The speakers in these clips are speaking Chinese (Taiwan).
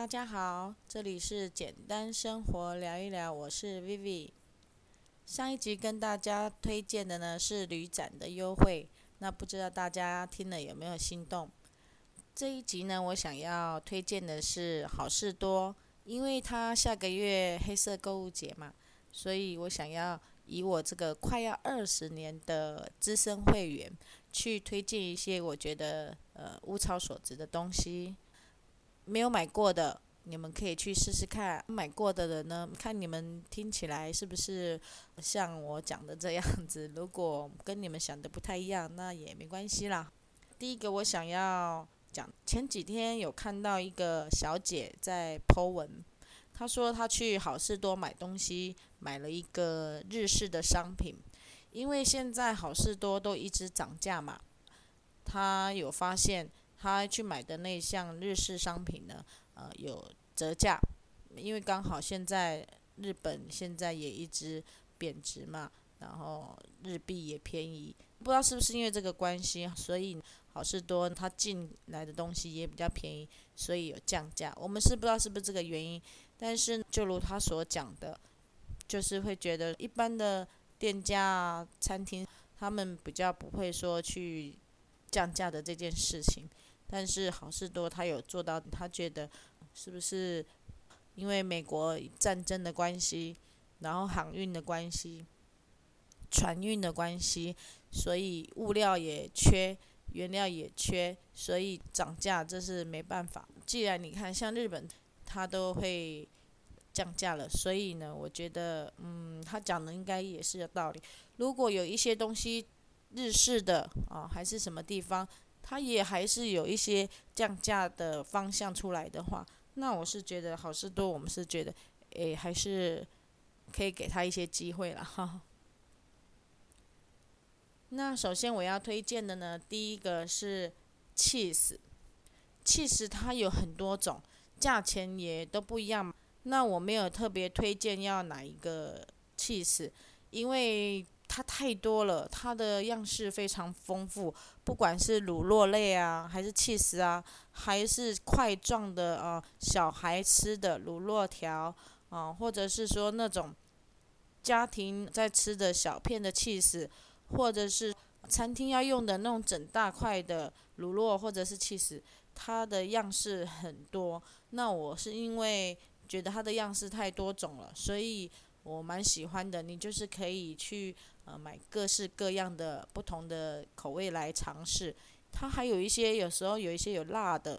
大家好，這裡是簡單生活聊一聊，我是 Vivi。上一集跟大家推薦的呢是旅展的優惠，那不知道大家聽了有沒有心動？這一集呢，我想要推薦的是好市多，因為他下個月黑色購物節嘛，所以我想要以我這個快要二十年的資深會員，去推薦一些我覺得呃物超所值的東西。沒有買過的，你們可以去試試看。買過的人呢，看你們聽起來是不是像我講的這樣子？如果跟你們想的不太一樣，那也沒關係啦。第一個我想要講，前幾天有看到一個小姐在 Po 文，她說她去好市多買東西，買了一個日式的商品，因為現在好市多都一直漲價嘛，她有發現。他去買的那項日式商品呢，呃，有折價，因為剛好現在日本現在也一直貶值嘛，然後日幣也便宜，不知道是不是因為這個關係，所以好市多他進來的東西也比較便宜，所以有降價。我們是不知道是不是這個原因，但是就如他所講的，就是會覺得一般的店家、啊、餐廳他們比較不會說去降價的這件事情。但是好市多，他有做到，他覺得是不是因為美國戰爭的關係，然後航運的關係、船運的關係，所以物料也缺，原料也缺，所以漲價，這是沒辦法。既然你看像日本，他都會降價了，所以呢，我覺得嗯，他講的應該也是有道理。如果有一些東西日式的啊、哦，還是什麼地方？他也還是有一些降價的方向出來的話，那我是覺得好市多，我們是覺得，誒，還是可以給他一些機會啦哈。那首先我要推薦的呢，第一個是 cheese，cheese 它有很多種，價錢也都不一樣，那我沒有特別推薦要哪一個 cheese，因為。它太多了，它的樣式非常豐富，不管是乳酪類啊，還是 cheese 啊，還是塊狀的啊、呃，小孩吃的乳酪條啊、呃，或者是說那種家庭在吃的小片的 cheese，或者是餐廳要用的那種整大塊的乳酪或者是 cheese，它的樣式很多。那我是因為覺得它的樣式太多種了，所以我蠻喜歡的。你就是可以去。買各式各樣的、不同的口味來嘗試，它還有一些，有時候有一些有辣的，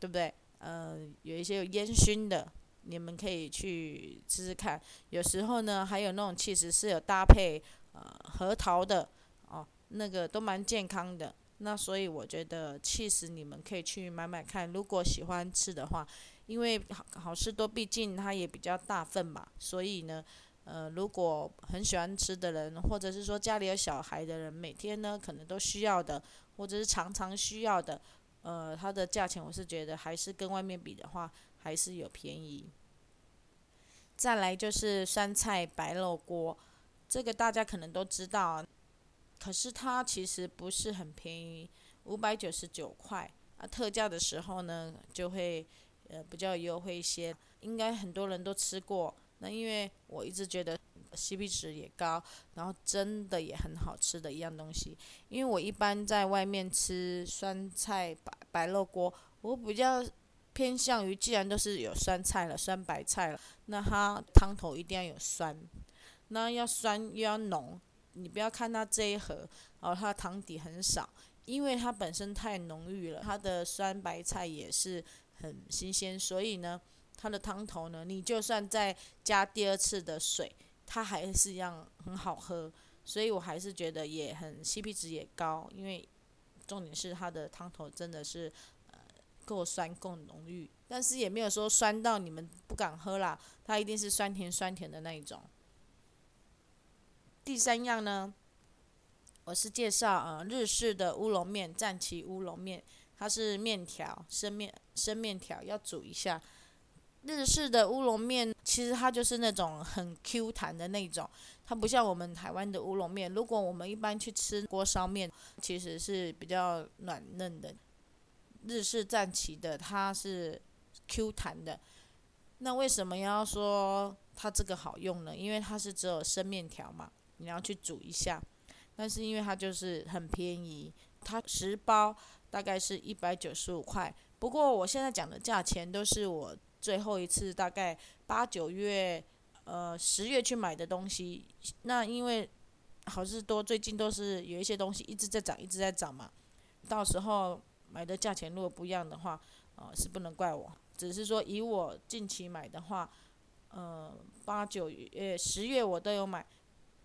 對不對？呃，有一些有煙燻的，你們可以去試試看。有時候呢，還有那種起司是有搭配呃核桃的哦，那個都蠻健康的。那所以我覺得起司你們可以去買買看，如果喜歡吃的話，因為好、好市多畢竟它也比較大份嘛，所以呢。呃，如果很喜歡吃的人，或者是說家裡有小孩的人，每天呢可能都需要的，或者是常常需要的，呃，它的價錢我是覺得還是跟外面比的話還是有便宜。再來就是酸菜白肉鍋，這個大家可能都知道，可是它其實不是很便宜，五百九十九塊，啊，特價的時候呢就會呃比較優惠一些，應該很多人都吃過。那因為我一直覺得 CP 值也高，然後真的也很好吃的一樣東西，因為我一般在外面吃酸菜白白肉鍋，我比較偏向於，既然都是有酸菜了，酸白菜了，那它湯頭一定要有酸，那要酸又要濃。你不要看它這一盒，然後它的湯底很少，因為它本身太濃郁了，它的酸白菜也是很新鮮，所以呢。它的湯頭呢，你就算再加第二次的水，它還是一樣很好喝。所以我還是覺得也很 CP 值也高，因為重點是它的湯頭真的是、呃、夠酸夠濃郁，但是也沒有說酸到你們不敢喝啦，它一定是酸甜酸甜的那一種。第三樣呢，我是介紹啊、呃、日式的烏龍麵，讚岐烏龍麵，它是麵條，生麵生麵條要煮一下。日式的烏龍麵，其實它就是那種很 Q 彈的那種，它不像我們台灣的烏龍麵。如果我們一般去吃鍋燒麵，其實是比較軟嫩的。日式讚岐的它是 Q 彈的，那為什麼要說它這個好用呢？因為它是只有生麵條嘛，你要去煮一下。但是因為它就是很便宜，它十包大概是一百九十五塊。不過我現在講的價錢都是我。最後一次大概八九月，呃，十月去買的東西，那因為，好事多最近都是有一些東西一直在漲，一直在漲嘛。到時候買的價錢如果不一樣的話，哦、呃，是不能怪我，只是說以我近期買的話，呃，八九月、十月我都有買。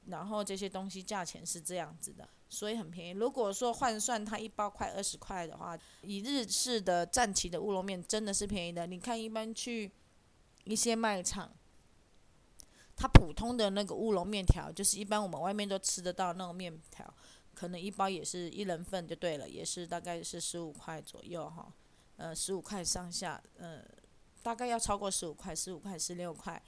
然後這些東西價錢是這樣子的，所以很便宜。如果說換算它一包快二十塊的話，以日式的讚岐的烏龍麵真的是便宜的。你看，一般去一些賣場，它普通的那個烏龍麵條，就是一般我們外面都吃得到那種麵條，可能一包也是一人份就對了，也是大概是十五塊左右哈，嗯、呃，十五塊上下，嗯、呃，大概要超過十五塊，十五塊十六塊。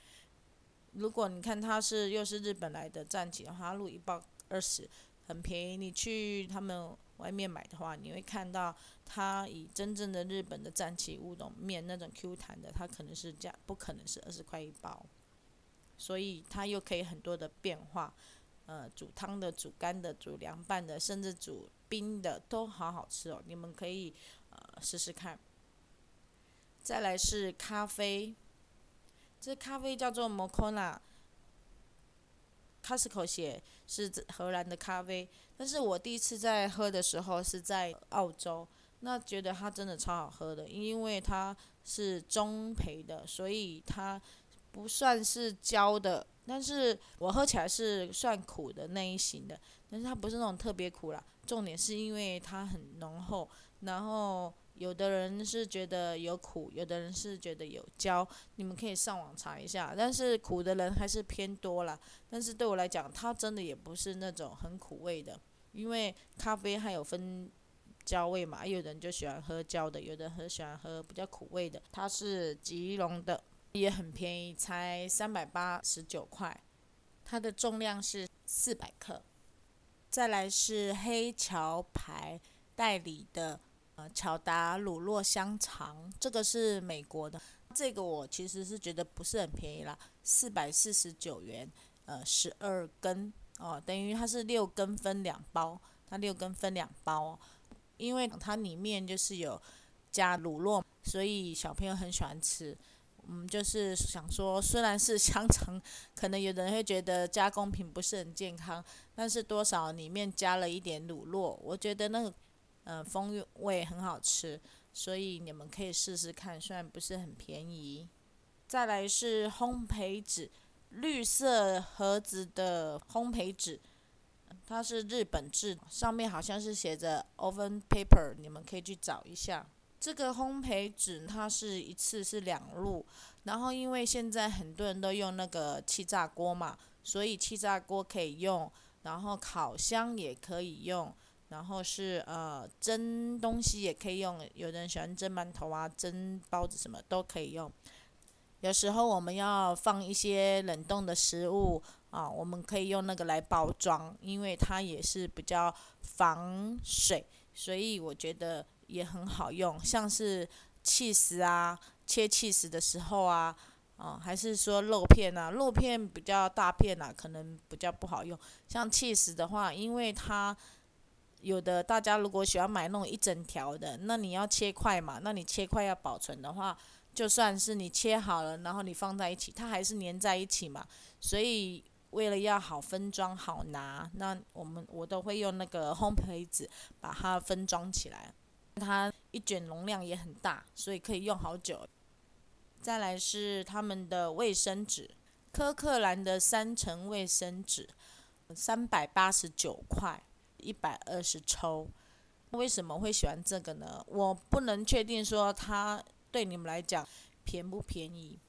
如果你看它是又是日本來的讚岐的話，入一包二十，很便宜。你去他們外面買的話，你會看到它以真正的日本的讚岐烏龍面那種 Q 彈的，它可能是價不可能是二十塊一包，所以它又可以很多的變化，呃，煮湯的、煮乾的、煮涼拌的，甚至煮冰的都好好吃哦。你們可以呃試試看。再來是咖啡。這咖啡叫做摩卡納，Costco 寫是荷蘭的咖啡。但是我第一次在喝的時候是在澳洲，那覺得它真的超好喝的，因為它是中焙的，所以它不算是焦的，但是我喝起來是算苦的那一型的，但是它不是那種特別苦啦，重點是因為它很濃厚，然後。有的人是覺得有苦，有的人是覺得有焦，你們可以上網查一下。但是苦的人還是偏多啦。但是對我來講，它真的也不是那種很苦味的，因為咖啡還有分焦味嘛。有的人就喜歡喝焦的，有的人很喜歡喝比較苦味的。它是吉隆的，也很便宜，才三百八十九塊。它的重量是四百克。再來是黑橋牌代理的。呃，巧達乳酪香腸，這個是美國的，這個我其實是覺得不是很便宜啦，四百四十九元，呃，十二根哦，等於它是六根分兩包，它六根分兩包，因為它裡面就是有加乳酪，所以小朋友很喜歡吃。嗯，就是想說，雖然是香腸，可能有的人會覺得加工品不是很健康，但是多少裡面加了一點乳酪，我覺得那個。嗯，風味很好吃，所以你們可以試試看，雖然不是很便宜。再來是烘焙紙，綠色盒子的烘焙紙，它是日本製，上面好像是寫着 Oven Paper，你們可以去找一下。這個烘焙紙它是一次是兩路，然後因為現在很多人都用那個氣炸鍋嘛，所以氣炸鍋可以用，然後烤箱，也可以用。然後是呃蒸東西也可以用，有人喜歡蒸饅頭啊，蒸包子什麼都可以用。有時候我們要放一些冷凍的食物啊，呃，我們可以用那個來包裝，因為它也是比較防水，所以我覺得也很好用。像是起司啊，切起司的時候啊，啊、呃、還是說肉片啊，肉片比較大片啊，可能比較不好用。像起司的話，因為它。有的大家如果喜歡買那種一整條的，那你要切塊嘛？那你切塊要保存的話，就算是你切好了，然後你放在一起，它還是粘在一起嘛。所以為了要好分裝、好拿，那我們我都會用那個烘焙紙把它分裝起來。它一卷容量也很大，所以可以用好久。再來是他們的衛生紙，柯克蘭的三層衛生紙，三百八十九塊。一百二十抽，為什麼會喜歡這個呢？我不能確定說它對你們來講便不便宜，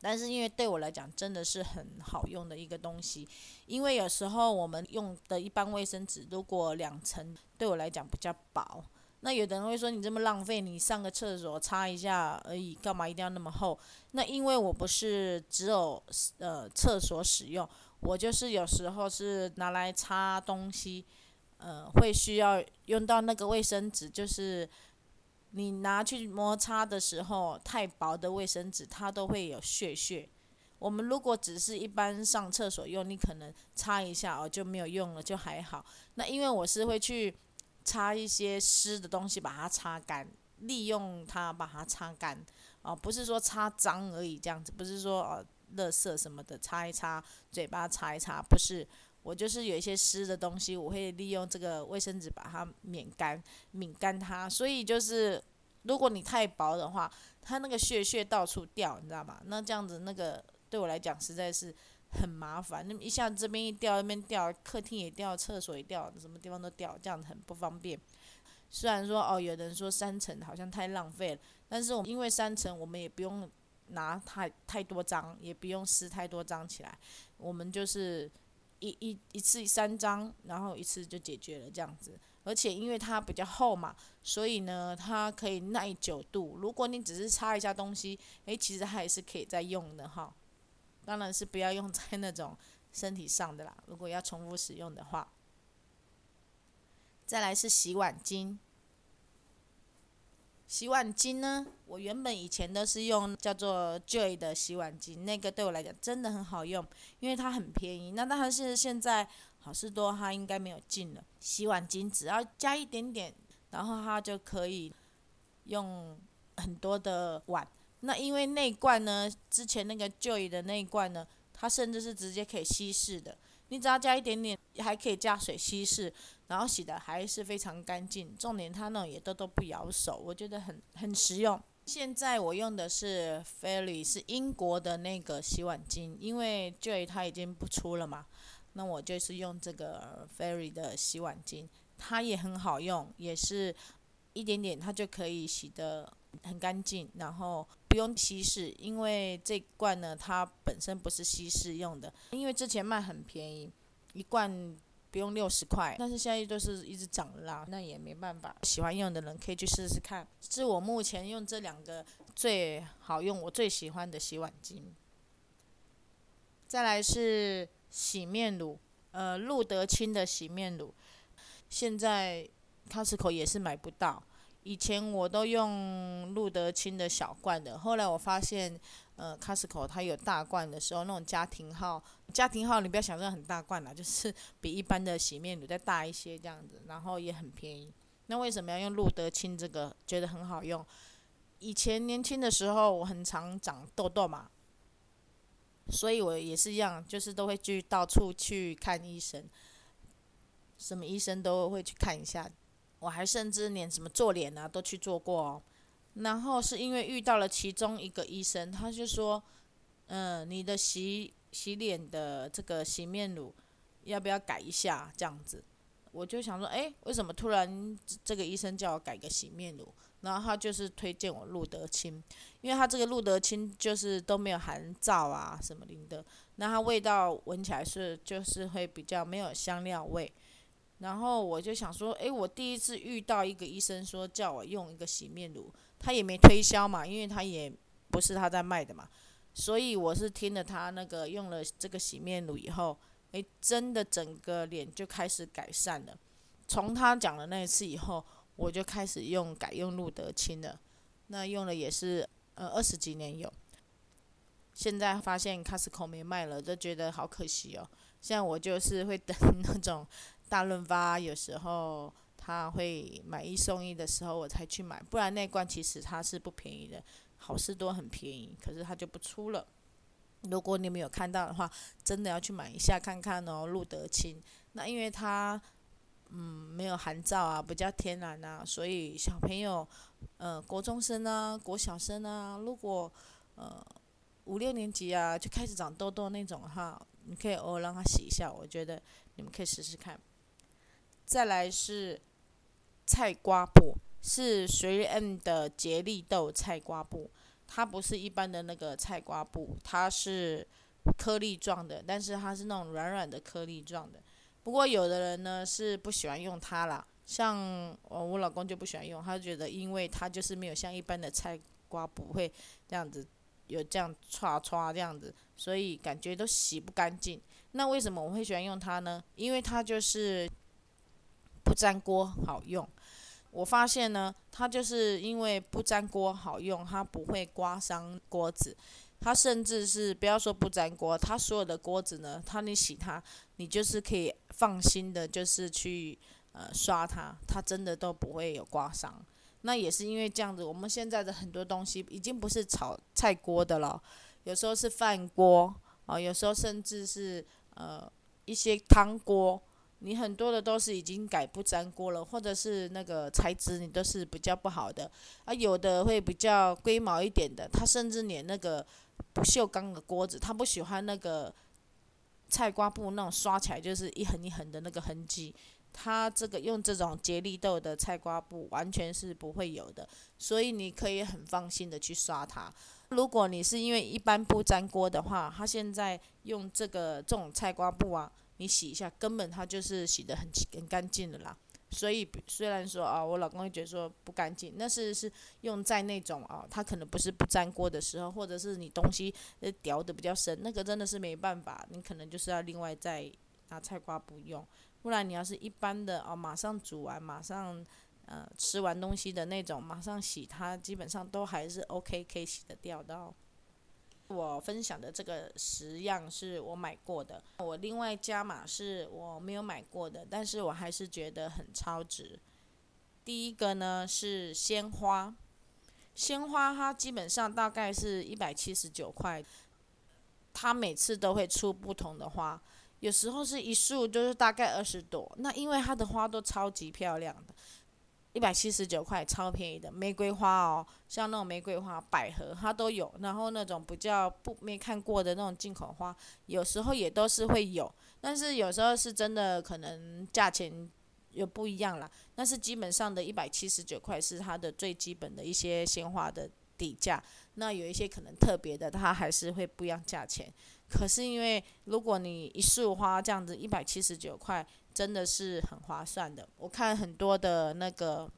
但是因為對我來講真的是很好用的一個東西。因為有時候我們用的一般衛生紙，如果兩層，對我來講比較薄。那有的人會說你這麼浪費，你上個廁所擦一下而已，幹嘛一定要那麼厚？那因為我不是只有呃廁所使用。我就是有時候是拿來擦東西，呃，會需要用到那個衛生紙，就是你拿去摩擦的時候，太薄的衛生紙它都會有屑屑。我們如果只是一般上廁所用，你可能擦一下哦就沒有用了，就還好。那因為我是會去擦一些濕的東西，把它擦乾，利用它把它擦乾，哦，不是說擦髒而已這樣子，不是說哦。垃圾什麼的，擦一擦，嘴巴擦一擦，不是，我就是有一些濕的東西，我會利用這個衛生紙把它抿乾，抿乾它。所以就是，如果你太薄的話，它那個屑屑到處掉，你知道嗎？那這樣子那個對我來講實在是很麻煩。那麼一下這邊一掉，那邊掉，客廳也掉，廁所也掉，什麼地方都掉，這樣子很不方便。雖然說哦，有人說三層好像太浪費了，但是我們因為三層，我們也不用，拿太太多張也不用撕太多張起來，我們就是一一一次三張，然後一次就解決了這樣子。而且因為它比較厚嘛，所以呢它可以耐久度。如果你只是擦一下東西，誒其實還是可以再用的哈。當然是不要用在那種身體上的啦。如果要重複使用的話，再來是洗碗巾。洗碗精呢？我原本以前都是用叫做 Joy 的洗碗精，那個對我來講真的很好用，因為它很便宜。那但是現在好市多，它應該沒有進了。洗碗精只要加一點點，然後它就可以用很多的碗。那因為那一罐呢，之前那個 Joy 的那一罐呢，它甚至是直接可以稀釋的，你只要加一點點，還可以加水稀釋。然後洗的還是非常乾淨，重點它那種也都，都不咬手，我覺得很很實用。現在我用的是 Fairy，是英國的那個洗碗精，因為 Joy 它已經不出了嘛，那我就是用這個 Fairy 的洗碗精，它也很好用，也是，一點點它就可以洗得很乾淨，然後不用稀釋，因為這罐呢它本身不是稀釋用的，因為之前賣很便宜，一罐。不用六十塊，但是現在都是一直漲了，那也沒辦法。喜歡用的人可以去試試看。是我目前用這兩個最好用，我最喜歡的洗碗巾。再來是洗面乳，呃，露得清的洗面乳，現在 Costco 也是買不到。以前我都用露得清的小罐的，後來我發現，呃，Costco 它有大罐的時候，那種家庭號，家庭號你不要想說很大罐啦，就是比一般的洗面乳再大一些這樣子，然後也很便宜。那為什麼要用露得清這個？覺得很好用。以前年輕的時候，我很常長痘痘嘛，所以我也是一樣，就是都會去到處去看醫生，什麼醫生都會去看一下。我還甚至連什麼做臉啊都去做過哦，然後是因為遇到了其中一個醫生，他就說，嗯，你的洗洗臉的這個洗面乳，要不要改一下這樣子？我就想說，哎，為什麼突然這個醫生叫我改個洗面乳？然後他就是推薦我露得清，因為他這個露得清就是都沒有含皂啊什麼零的，那它味道聞起來是就是會比較沒有香料味。然後我就想說，哎，我第一次遇到一個醫生說叫我用一個洗面乳，他也沒推銷嘛，因為他也不是他在賣的嘛，所以我是聽了他那個用了這個洗面乳以後，哎，真的整個臉就開始改善了。從他講了那一次以後，我就開始用改用露得清了，那用了也是呃二十幾年有，現在發現 Costco 沒賣了，都覺得好可惜哦。像我就是會等那種。大潤發有時候他會買一送一的時候我才去買，不然那一罐其實它是不便宜的。好市多很便宜，可是它就不出了。如果你們有看到的話，真的要去買一下看看哦。露得清，那因為它嗯沒有含皂啊，比較天然吶、啊，所以小朋友呃國中生啊、國小生啊，如果呃五六年級啊就開始長痘痘那種哈，你可以偶爾讓他洗一下，我覺得你們可以試試看。再來是菜瓜布，是瑞恩的潔麗豆菜瓜布，它不是一般的那個菜瓜布，它是顆粒狀的，但是它是那種軟軟的顆粒狀的。不過有的人呢是不喜歡用它啦。像我，我老公就不喜歡用，他覺得因為它就是沒有像一般的菜瓜布會這樣子有這樣刷刷這樣子，所以感覺都洗不乾淨。那為什麼我會喜歡用它呢？因為它就是。不粘鍋好用，我發現呢，它就是因為不粘鍋好用，它不會刮傷鍋子，它甚至是不要說不粘鍋，它所有的鍋子呢，它你洗它，你就是可以放心的，就是去呃刷它，它真的都不會有刮傷。那也是因為這樣子，我們現在的很多東西已經不是炒菜鍋的了，有時候是飯鍋啊、呃，有時候甚至是呃一些湯鍋。你很多的都是已經改不粘鍋了，或者是那個材質你都是比較不好的，啊，有的會比較龜毛一點的，它甚至連那個不鏽鋼的鍋子，它不喜歡那個菜瓜布那種刷起來就是一橫一橫的那個痕跡，它這個用這種潔麗豆的菜瓜布完全是不會有的，所以你可以很放心的去刷它。如果你是因為一般不粘鍋的話，它現在用這個這種菜瓜布啊。你洗一下，根本它就是洗得很很乾淨的啦。所以雖然說啊、哦，我老公會覺得說不乾淨，那是是用在那種啊，它、哦、可能不是不粘鍋的時候，或者是你東西呃掉的比較深，那個真的是沒辦法，你可能就是要另外再拿菜瓜不用。不然你要是一般的哦，馬上煮完馬上呃吃完東西的那種，馬上洗它，基本上都還是 OK 可以洗得掉的、哦。我分享的這個十樣是我買過的，我另外加碼是我沒有買過的，但是我還是覺得很超值。第一個呢是鮮花，鮮花它基本上大概是一百七十九塊，它每次都會出不同的花，有時候是一束，就是大概二十朵，那因為它的花都超級漂亮的。一百七十九塊，超便宜的玫瑰花哦，像那種玫瑰花、百合，它都有。然後那種不叫不沒看過的那種進口花，有時候也都是會有。但是有時候是真的可能價錢又不一樣啦。但是基本上的一百七十九塊是它的最基本的一些鮮花的底價。那有一些可能特別的，它還是會不一樣價錢。可是因為如果你一束花這樣子一百七十九塊，真的是很划算的，我看很多的那個，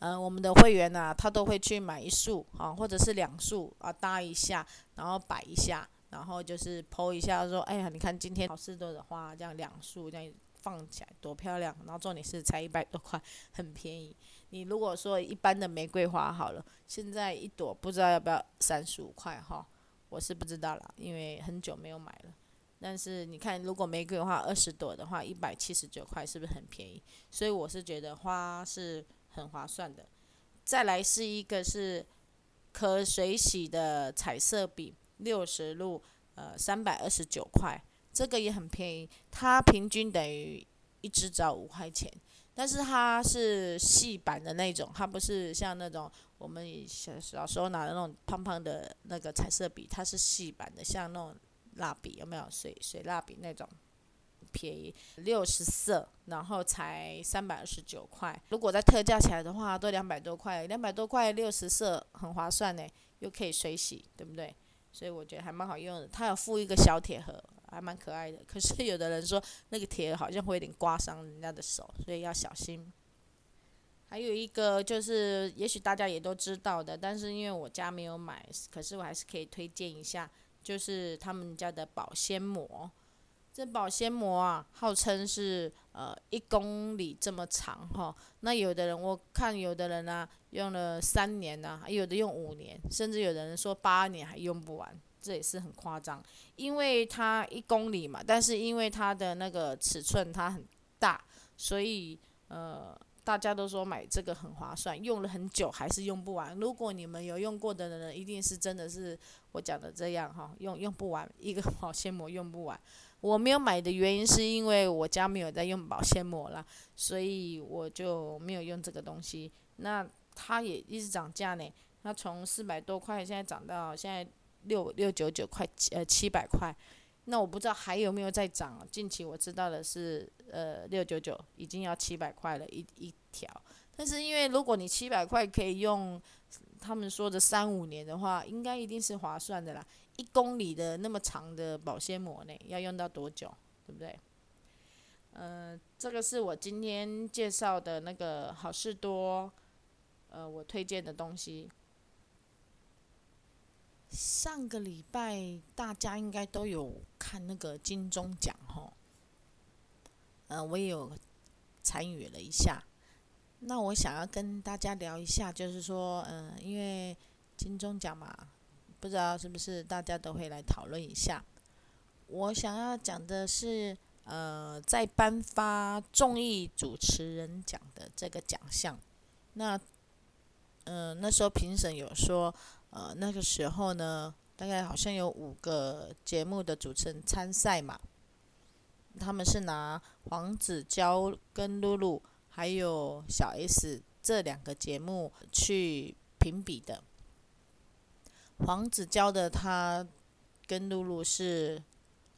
嗯、呃，我們的會員啊，他都會去買一束啊，或者是兩束啊，搭一下，然後擺一下，然後就是 PO 一下，說，哎呀，你看今天好市多的花，這樣兩束這樣放起來多漂亮，然後重點是才一百多塊，很便宜。你如果說一般的玫瑰花好了，現在一朵不知道要不要三十五塊哈，我是不知道了，因為很久沒有買了。但是你看，如果玫瑰花二十朵的話，一百七十九塊是不是很便宜？所以我是覺得花是很划算的。再來是一個是可水洗的彩色筆，六十入，呃，三百二十九塊，這個也很便宜。它平均等於一支只要五塊錢，但是它是細版的那種，它不是像那種我們小小時候拿的那種胖胖的那個彩色筆，它是細版的，像那種。蠟筆有沒有？水水蠟筆那種便宜六十色，然後才三百二十九塊。如果再特價起來的話，都兩百多塊，兩百多塊六十色很划算呢，又可以水洗，對不對？所以我覺得還蠻好用的。它有附一個小鐵盒，還蠻可愛的。可是有的人說那個鐵好像會有點刮傷人家的手，所以要小心。還有一個就是，也許大家也都知道的，但是因為我家沒有買，可是我還是可以推薦一下。就是他們家的保鮮膜，這保鮮膜啊，號稱是呃一公里這麼長哈、哦。那有的人，我看有的人呢、啊、用了三年呢、啊，有的用五年，甚至有的人說八年還用不完，這也是很誇張。因為它一公里嘛，但是因為它的那個尺寸它很大，所以呃。大家都說買這個很划算，用了很久還是用不完。如果你們有用過的的人，一定是真的是我講的這樣哈，用用不完，一個保鮮膜用不完。我沒有買的原因是因為我家沒有在用保鮮膜啦，所以我就沒有用這個東西。那它也一直漲價呢，它從四百多塊現在漲到現在六六九九塊，呃，七百塊。那我不知道還有沒有在漲。近期我知道的是，呃，六九九已經要七百塊了一一條。但是因為如果你七百塊可以用，他們說的三五年的話，應該一定是划算的啦。一公里的那麼長的保鮮膜呢，要用到多久？對不對？嗯、呃，這個是我今天介紹的那個好市多，呃，我推薦的東西。上個禮拜大家應該都有。看那個金鐘獎吼、哦，嗯、呃，我也有參與了一下。那我想要跟大家聊一下，就是說，嗯、呃，因為金鐘獎嘛，不知道是不是大家都會來討論一下。我想要講的是，呃，在頒發綜藝主持人獎的這個獎項，那，嗯、呃，那時候評審有說，呃，那個時候呢。大概好像有五個節目的主持人參賽嘛，他們是拿黃子佼跟露露，還有小 S 這兩個節目去評比的。黃子佼的他跟露露是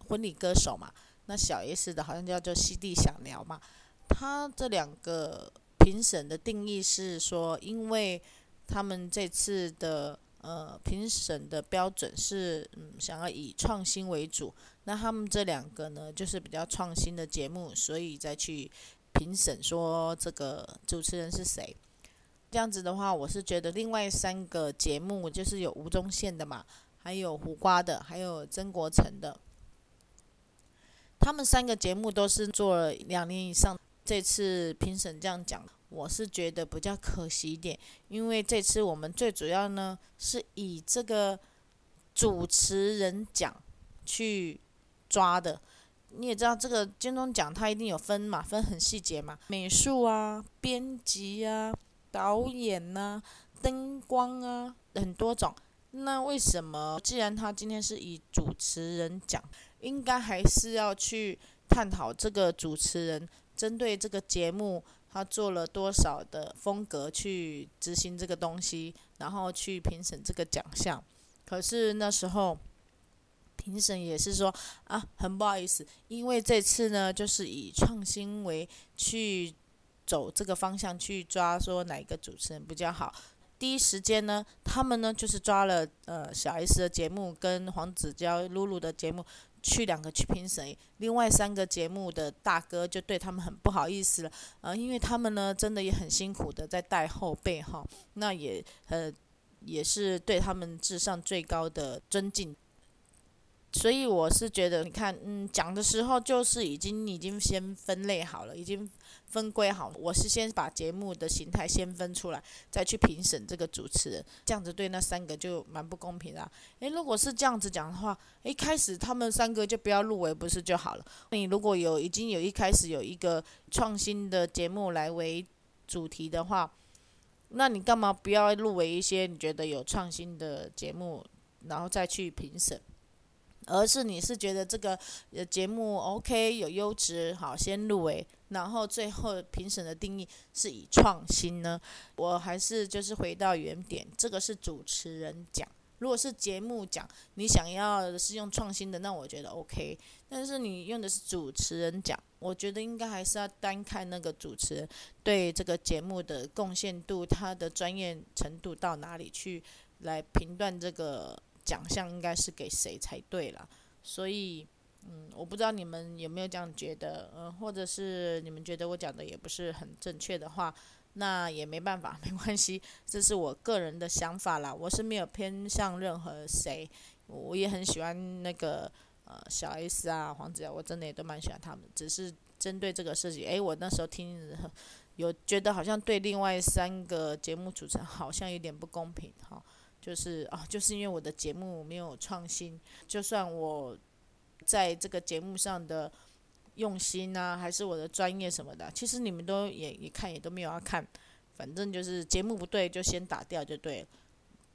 婚禮歌手嘛，那小 S 的好像叫做熙娣想聊嘛，他這兩個評審的定義是說，因為他們這次的。呃，評審的標準是，嗯，想要以創新為主。那他們這兩個呢，就是比較創新的節目，所以再去評審說這個主持人是誰。這樣子的話，我是覺得另外三個節目就是有吳宗憲的嘛，還有胡瓜的，還有曾國城的。他們三個節目都是做了兩年以上，這次評審這樣講。我是覺得比較可惜一點，因為這次我們最主要呢是以這個主持人獎去抓的。你也知道，這個金鐘獎它一定有分嘛，分很細節嘛，美術啊、編輯啊、導演吶、啊、燈光啊，很多種。那為什麼既然他今天是以主持人獎，應該還是要去探討這個主持人針對這個節目。他做了多少的風格去執行這個東西，然後去評審這個獎項。可是那時候評審也是說啊，很不好意思，因為這次呢就是以創新為去走這個方向去抓，說哪一個主持人比較好。第一時間呢，他們呢就是抓了呃小 S 的節目跟黃子佼、露露的節目。去兩個去評審，另外三個節目的大哥就對他們很不好意思了，呃，因為他們呢真的也很辛苦的在帶後輩哈，那也呃也是對他們致上最高的尊敬。所以我是覺得，你看，嗯，講的時候就是已經已經先分類好了，已經分歸好了。我是先把節目的形態先分出來，再去評審這個主持人。這樣子對那三個就蠻不公平啦。啊，誒，如果是這樣子講的話，一開始他們三個就不要入圍，不是就好了？你如果有已經有一開始有一個創新的節目來為主題的話，那你幹嘛不要入圍一些你覺得有創新的節目，然後再去評審？而是你是覺得這個節目 OK 有優質，好先入圍，然後最後評審的定義是以創新呢？我還是就是回到原點，這個是主持人講。如果是節目講，你想要是用創新的，那我覺得 OK。但是你用的是主持人講，我覺得應該還是要單看那個主持人對這個節目的貢獻度，他的專業程度到哪裡去來評斷這個。獎項應該是給誰才對了，所以，嗯，我不知道你們有沒有這樣覺得，嗯、呃，或者是你們覺得我講的也不是很正確的話，那也沒辦法，沒關係，這是我個人的想法啦，我是沒有偏向任何誰，我也很喜歡那個呃小 S 啊、黃子佼、啊，我真的也都蠻喜歡他們，只是針對這個事情，哎、欸，我那時候聽，有覺得好像對另外三個節目組成好像有點不公平，哈。就是啊，就是因為我的節目沒有創新，就算我在這個節目上的用心吶、啊，還是我的專業什麼的，其實你們都也一看也都沒有要看，反正就是節目不對就先打掉就對了，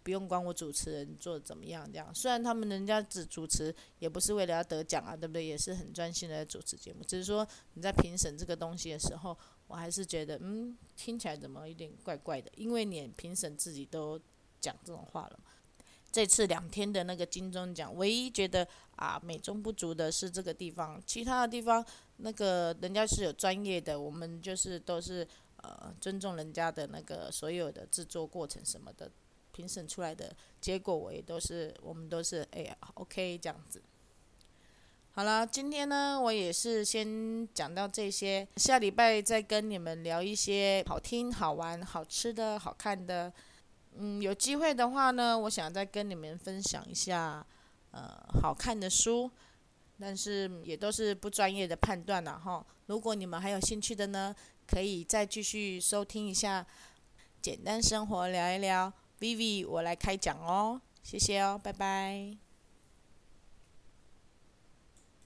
不用管我主持人做怎麼樣這樣。雖然他們人家只主持，也不是為了要得獎啊，對不對？也是很專心的在主持節目，只是說你在評審這個東西的時候，我還是覺得嗯，聽起來怎麼有點怪怪的，因為你評審自己都。講這種話了，這次兩天的那個金鐘獎，唯一覺得啊美中不足的是這個地方，其他的地方那個人家是有專業的，我們就是都是呃尊重人家的那個所有的制作過程什麼的，評審出來的結果我也都是我們都是哎呀 OK 這樣子，好了，今天呢我也是先講到這些，下禮拜再跟你們聊一些好聽、好玩、好吃的、好看的。嗯，有機會的話呢，我想再跟你們分享一下，呃，好看的書，但是也都是不專業的判斷了吼。如果你們還有興趣的呢，可以再繼續收聽一下《簡單生活聊一聊》，Vivi 我來開講哦，謝謝哦，拜拜。